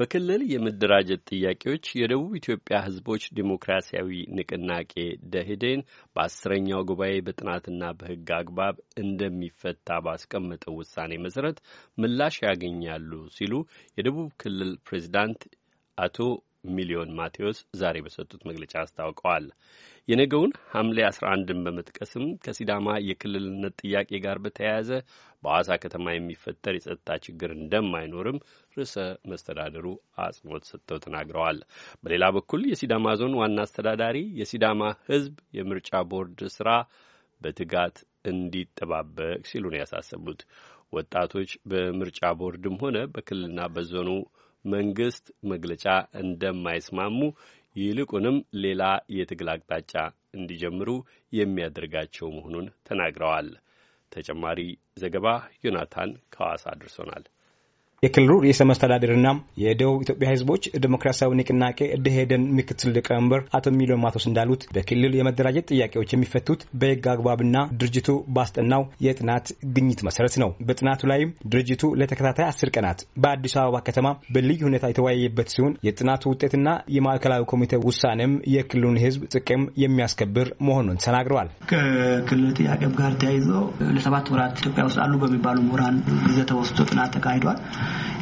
በክልል የመደራጀት ጥያቄዎች የደቡብ ኢትዮጵያ ሕዝቦች ዴሞክራሲያዊ ንቅናቄ ደህዴን በአስረኛው ጉባኤ በጥናትና በሕግ አግባብ እንደሚፈታ ባስቀመጠው ውሳኔ መሰረት ምላሽ ያገኛሉ ሲሉ የደቡብ ክልል ፕሬዚዳንት አቶ ሚሊዮን ማቴዎስ ዛሬ በሰጡት መግለጫ አስታውቀዋል። የነገውን ሐምሌ 11ን በመጥቀስም ከሲዳማ የክልልነት ጥያቄ ጋር በተያያዘ በአዋሳ ከተማ የሚፈጠር የጸጥታ ችግር እንደማይኖርም ርዕሰ መስተዳደሩ አጽንኦት ሰጥተው ተናግረዋል። በሌላ በኩል የሲዳማ ዞን ዋና አስተዳዳሪ የሲዳማ ሕዝብ የምርጫ ቦርድ ስራ በትጋት እንዲጠባበቅ ሲሉ ነው ያሳሰቡት። ወጣቶች በምርጫ ቦርድም ሆነ በክልልና በዞኑ መንግስት መግለጫ እንደማይስማሙ ይልቁንም ሌላ የትግል አቅጣጫ እንዲጀምሩ የሚያደርጋቸው መሆኑን ተናግረዋል። ተጨማሪ ዘገባ ዮናታን ከዋሳ አድርሶናል። የክልሉ ርዕሰ መስተዳድርና የደቡብ ኢትዮጵያ ህዝቦች ዴሞክራሲያዊ ንቅናቄ ደኢህዴን ምክትል ሊቀመንበር አቶ ሚሊዮን ማቶስ እንዳሉት በክልል የመደራጀት ጥያቄዎች የሚፈቱት በህግ አግባብና ድርጅቱ ባስጠናው የጥናት ግኝት መሰረት ነው። በጥናቱ ላይም ድርጅቱ ለተከታታይ አስር ቀናት በአዲስ አበባ ከተማ በልዩ ሁኔታ የተወያየበት ሲሆን የጥናቱ ውጤትና የማዕከላዊ ኮሚቴ ውሳኔም የክልሉን ህዝብ ጥቅም የሚያስከብር መሆኑን ተናግረዋል። ከክልል ጥያቄም ጋር ተያይዞ ለሰባት ወራት ኢትዮጵያ ውስጥ አሉ በሚባሉ ምሁራን ጊዜ ተወስዶ ጥናት ተካሂዷል።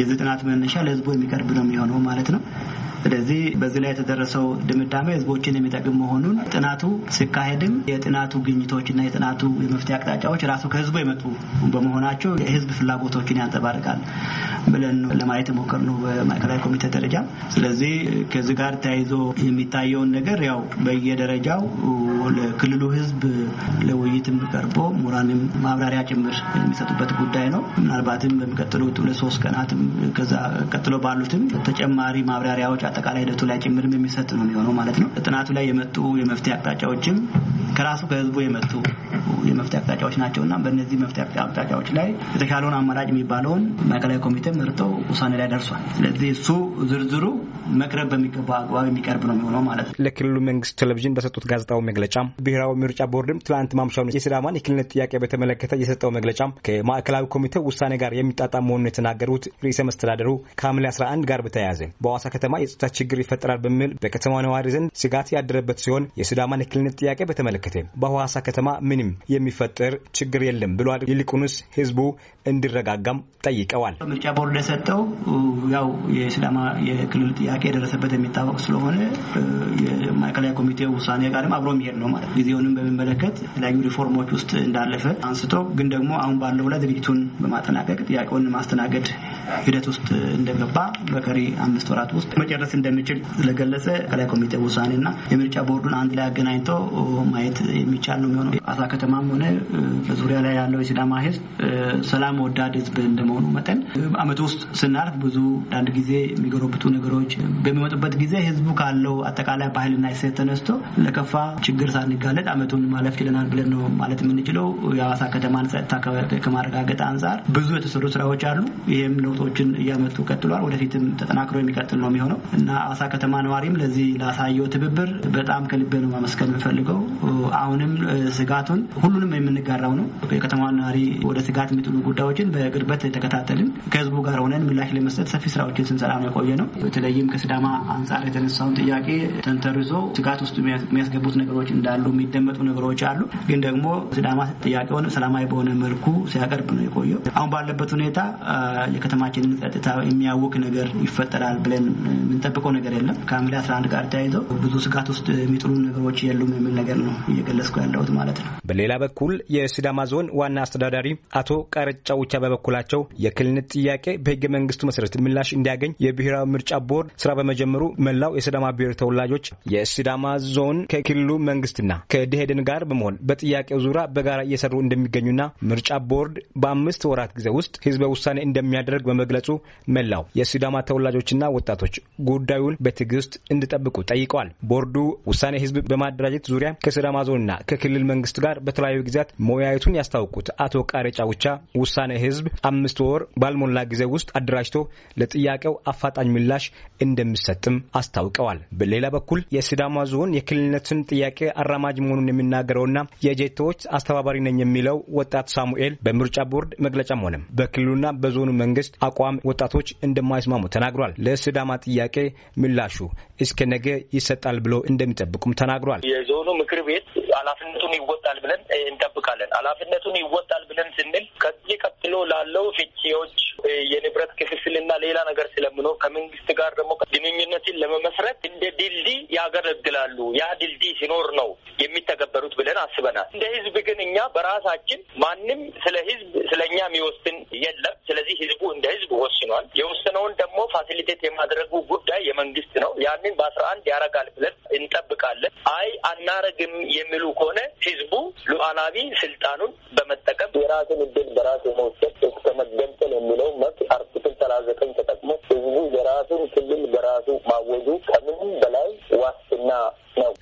የዚህ ጥናት መነሻ ለህዝቡ የሚቀርብ ነው የሚሆነው ማለት ነው። ስለዚህ በዚህ ላይ የተደረሰው ድምዳሜ ህዝቦችን የሚጠቅም መሆኑን ጥናቱ ሲካሄድም የጥናቱ ግኝቶችና የጥናቱ የመፍትሄ አቅጣጫዎች ራሱ ከህዝቡ የመጡ በመሆናቸው የህዝብ ፍላጎቶችን ያንጸባርቃል ብለን ለማየት የሞከር ነው በማዕከላዊ ኮሚቴ ደረጃ። ስለዚህ ከዚህ ጋር ተያይዞ የሚታየውን ነገር ያው በየደረጃው ለክልሉ ህዝብ ለውይይትም ቀርቦ ምሁራንም ማብራሪያ ጭምር የሚሰጡበት ጉዳይ ነው። ምናልባትም በሚቀጥሉት ሁለት ሶስት ቀናትም ከዛ ቀጥሎ ባሉትም ተጨማሪ ማብራሪያዎች አጠቃላይ ሂደቱ ላይ ጭምርም የሚሰጥ ነው የሚሆነው ማለት ነው። ጥናቱ ላይ የመጡ የመፍትሄ አቅጣጫዎችም ከራሱ ከህዝቡ የመጡ የመፍትሄ አቅጣጫዎች ናቸው እና በእነዚህ መፍትሄ አቅጣጫዎች ላይ የተሻለውን አማራጭ የሚባለውን ማዕከላዊ ኮሚቴ መርጦ ውሳኔ ላይ ደርሷል። ስለዚህ እሱ ዝርዝሩ መቅረብ በሚገባ አግባብ የሚቀርብ ነው የሚሆነው ማለት ነው። ለክልሉ መንግስት ቴሌቪዥን በሰጡት ጋዜጣዊ መግለጫ ብሔራዊ ምርጫ ቦርድም ትላንት ማምሻውን የሲዳማን የክልልነት ጥያቄ በተመለከተ የሰጠው መግለጫ ከማዕከላዊ ኮሚቴው ውሳኔ ጋር የሚጣጣም መሆኑን የተናገሩት ርዕሰ መስተዳደሩ ከሐምሌ 11 ጋር በተያያዘ በሐዋሳ ከተማ የጸጥታ ችግር ይፈጠራል በሚል በከተማ ነዋሪ ዘንድ ስጋት ያደረበት ሲሆን የሲዳማን የክልልነት ጥያቄ በተመለከተ አላመለከተም። በሐዋሳ ከተማ ምንም የሚፈጠር ችግር የለም ብሏል። ይልቁንስ ህዝቡ እንዲረጋጋም ጠይቀዋል። ምርጫ ቦርድ የሰጠው ያው የስላማ የክልል ጥያቄ የደረሰበት የሚታወቅ ስለሆነ የማዕከላዊ ኮሚቴው ውሳኔ ጋርም አብሮ የሚሄድ ነው ማለት ጊዜውንም በሚመለከት የተለያዩ ሪፎርሞች ውስጥ እንዳለፈ አንስቶ ግን ደግሞ አሁን ባለው ላይ ዝግጅቱን በማጠናቀቅ ጥያቄውን ማስተናገድ ሂደት ውስጥ እንደገባ በቀሪ አምስት ወራት ውስጥ መጨረስ እንደሚችል ስለገለጸ ከላይ ኮሚቴ ውሳኔና የምርጫ ቦርዱን አንድ ላይ አገናኝቶ ማየት የሚቻል ነው የሚሆነው። አሳ ከተማም ሆነ በዙሪያ ላይ ያለው የሲዳማ ህዝብ ሰላም ወዳድ ህዝብ እንደመሆኑ መጠን አመት ውስጥ ስናልፍ ብዙ አንድ ጊዜ የሚገረብቱ ነገሮች በሚመጡበት ጊዜ ህዝቡ ካለው አጠቃላይ ባህልና እሴት ተነስቶ ለከፋ ችግር ሳንጋለጥ አመቱን ማለፍ ችለናል ብለን ነው ማለት የምንችለው። የአዋሳ ከተማን ጸጥታ ከማረጋገጥ አንጻር ብዙ የተሰሩ ስራዎች አሉ። ይህም ለውጦችን እያመጡ ቀጥሏል። ወደፊትም ተጠናክሮ የሚቀጥል ነው የሚሆነው እና አዋሳ ከተማ ነዋሪም ለዚህ ላሳየው ትብብር በጣም ከልቤ ነው ማመስገን የምፈልገው። አሁንም ስጋቱን ሁሉንም የምንጋራው ነው። የከተማ ነዋሪ ወደ ስጋት የሚጥሉ ጉዳዮችን በቅርበት የተከታተልን ከህዝቡ ጋር ሆነን ምላሽ ለመስጠት ሰፊ ስራዎችን ስንሰራ ነው የቆየ ነው። በተለይም ከስዳማ አንጻር የተነሳውን ጥያቄ ተንተርዞ ስጋት ውስጥ የሚያስገቡት ነገሮች እንዳሉ የሚደመጡ ነገሮች አሉ። ግን ደግሞ ስዳማ ጥያቄውን ሰላማዊ በሆነ መልኩ ሲያቀርብ ነው የቆየው። አሁን ባለበት ሁኔታ የከተማ የከተማችንን ጸጥታ የሚያውክ ነገር ይፈጠራል ብለን የምንጠብቀው ነገር የለም። ከሐምሌ 11 ጋር ተያይዘው ብዙ ስጋት ውስጥ የሚጥሉ ነገሮች የሉም የሚል ነገር ነው እየገለጽኩ ያለሁት ማለት ነው። በሌላ በኩል የሲዳማ ዞን ዋና አስተዳዳሪ አቶ ቀረጫ ውቻ በበኩላቸው የክልልነት ጥያቄ በህገ መንግስቱ መሰረት ምላሽ እንዲያገኝ የብሔራዊ ምርጫ ቦርድ ስራ በመጀመሩ መላው የሲዳማ ብሔር ተወላጆች የሲዳማ ዞን ከክልሉ መንግስትና ከደኢህዴን ጋር በመሆን በጥያቄው ዙሪያ በጋራ እየሰሩ እንደሚገኙና ምርጫ ቦርድ በአምስት ወራት ጊዜ ውስጥ ህዝበ ውሳኔ እንደሚያደርግ በመግለጹ መላው የሲዳማ ተወላጆችና ወጣቶች ጉዳዩን በትዕግስት እንዲጠብቁ ጠይቀዋል። ቦርዱ ውሳኔ ህዝብ በማደራጀት ዙሪያ ከሲዳማ ዞንና ከክልል መንግስት ጋር በተለያዩ ጊዜያት መወያየቱን ያስታወቁት አቶ ቃሬ ጫውቻ ውሳኔ ህዝብ አምስት ወር ባልሞላ ጊዜ ውስጥ አደራጅቶ ለጥያቄው አፋጣኝ ምላሽ እንደሚሰጥም አስታውቀዋል። በሌላ በኩል የሲዳማ ዞን የክልልነትን ጥያቄ አራማጅ መሆኑን የሚናገረውና የጄቶዎች አስተባባሪ ነኝ የሚለው ወጣት ሳሙኤል በምርጫ ቦርድ መግለጫም ሆነም በክልሉና በዞኑ መንግስት አቋም ወጣቶች እንደማይስማሙ ተናግሯል። ለስዳማ ጥያቄ ምላሹ እስከ ነገ ይሰጣል ብሎ እንደሚጠብቁም ተናግሯል። የዞኑ ምክር ቤት ኃላፊነቱን ይወጣል ብለን እንጠብቃለን። ኃላፊነቱን ይወጣል ብለን ስንል ከዚህ ቀጥሎ ላለው ፍቺዎች የንብረት ክፍፍልና ሌላ ነገር ስለምኖር ከመንግስት ጋር ደግሞ ግንኙነትን ለመመስረት እንደ ድልድይ ያገለግላሉ። ያ ድልድይ ሲኖር ነው የሚተ ብለን አስበናል። እንደ ህዝብ ግን እኛ በራሳችን ማንም ስለ ህዝብ ስለ እኛ የሚወስን የለም። ስለዚህ ህዝቡ እንደ ህዝብ ወስኗል። የወሰነውን ደግሞ ፋሲሊቴት የማድረጉ ጉዳይ የመንግስት ነው። ያንን በአስራ አንድ ያረጋል ብለን እንጠብቃለን። አይ አናረግም የሚሉ ከሆነ ህዝቡ ሉዓላዊ ስልጣኑን በመጠቀም የራስን እድል በራሱ የመውሰድ እስከ መገንጠል የሚለው መብት አርቲክል ሰላሳ ዘጠኝ ተጠቅሞ ህዝቡ የራሱን ክልል በራሱ ማወጁ ከምንም በላይ ዋስትና